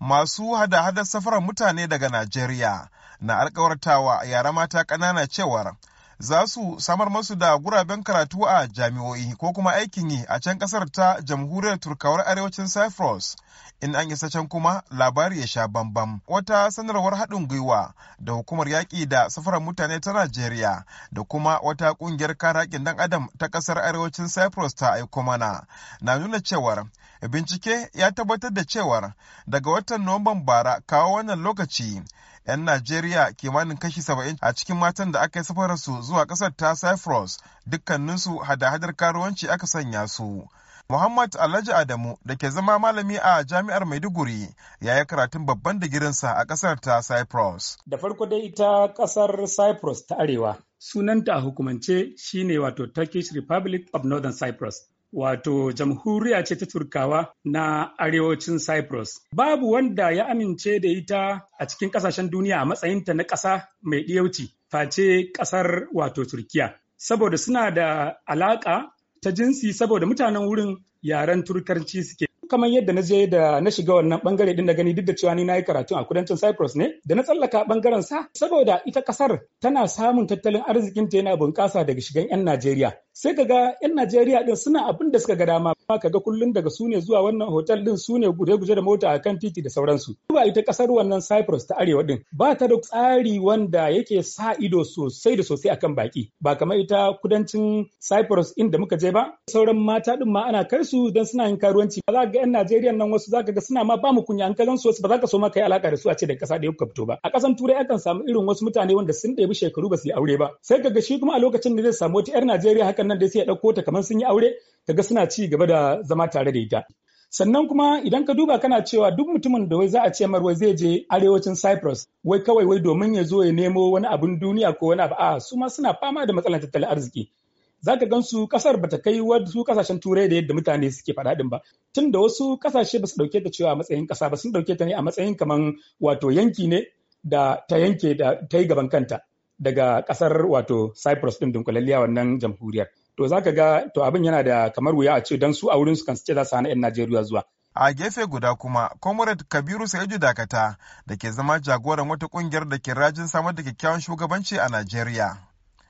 masu hada-hadar safarar mutane daga Najeriya na alkawartawa yara mata ƙanana cewar za su samar masu da guraben karatu a jami'o'i ko kuma aikin yi a can kasar ta jamhuriyar turkawar arewacin cyprus in an isa can kuma labari ya sha bambam wata sanarwar haɗin gwiwa da hukumar yaƙi da safarar mutane ta najeriya da kuma wata ƙungiyar kare haƙƙin ɗan adam ta ƙasar arewacin cyprus ta aiko mana na nuna cewar bincike ya tabbatar da cewar daga watan nuwamban bara kawo wannan lokaci 'yan Najeriya kimanin kashi saba'in a cikin matan da aka yi safararsu zuwa ƙasar ta Cyprus dukkaninsu hada-hadar karuwanci aka sanya su. Muhammad Alhaji Adamu da ke zama malami a Jami'ar Maiduguri ya yi karatun babban digirinsa a ƙasar ta Cyprus. Da farko dai ita ƙasar Cyprus ta Arewa. Sunanta a hukumance shine wato Turkish Republic of Northern Cyprus. wato jamhuriya ce ta turkawa na arewacin cyprus babu wanda ya amince da ita a cikin kasashen duniya a matsayinta na ƙasa mai ɗiyauci face ƙasar wato turkiya saboda suna da alaƙa ta jinsi saboda mutanen wurin yaren turkarci suke kamar yadda na je da na shiga wannan bangare din da gani duk da cewa ni nayi karatu a kudancin Cyprus ne da na tsallaka bangaren sa saboda ita kasar tana samun tattalin arzikin ta yana bunƙasa daga shigan yan Najeriya sai ka ga 'yan Najeriya din suna abin da suka ga dama ba ka ga kullum daga su ne zuwa wannan hotel din su ne guje-guje da mota akan titi da sauransu. Duba ita kasar wannan Cyprus ta arewa din ba ta da tsari wanda yake sa ido sosai da sosai akan baki ba kamar ita kudancin Cyprus inda muka je ba sauran mata din ma ana kai su don suna yin karuwanci ba za ka ga 'yan Najeriya nan wasu za ka ga suna ma ba mu kunya an ka gansu wasu ba za ka so ma kai alaka da su a ce da kasa da ya fito ba a kasan turai akan samu irin wasu mutane wanda sun ɗebi shekaru ba su yi aure ba sai ka ga shi kuma a lokacin da zai samu wata 'yar Najeriya hakan nan dai sai ya ɗauko ta kamar sun yi aure kaga suna ci gaba da zama tare da ita sannan kuma idan ka duba kana cewa duk mutumin da wai za a ce mar wai zai je arewacin cyprus wai kawai wai domin ya zo ya nemo wani abin duniya ko wani abu a su ma suna fama da matsalar tattalin arziki za ka gan su kasar ba ta kai wasu kasashen turai da yadda mutane suke faɗa din ba tun da wasu kasashe ba su ɗauke ta cewa a matsayin ƙasa ba sun ɗauke ta ne a matsayin kaman wato yanki ne da ta yanke da ta yi gaban kanta daga ƙasar wato cyprus ɗin dunkulalliya wannan jamhuriyar to za ka ga to abin yana da kamar wuya a ce don su a wurin su kan ce za su hana 'yan Najeriya zuwa. A gefe guda kuma, Comrade Kabiru Sa'idu Dakata da ke zama jagoran wata kungiyar da ke rajin samar da kyakkyawan shugabanci a Najeriya.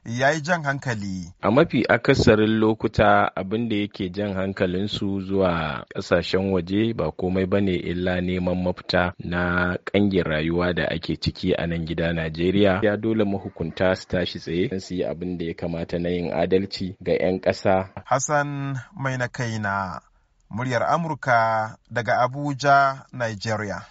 ya yi jan hankali. A mafi akasarin lokuta abin da yake jan hankalinsu zuwa kasashen waje ba komai ba ne illa neman mafita na ƙangin rayuwa da ake ciki a nan gida Najeriya. Ya dole mahukunta su tashi tsaye su yi abin da ya kamata na yin adalci ga 'yan ƙasa. Hassan mai na kai na muryar Amurka daga Abuja, Nigeria.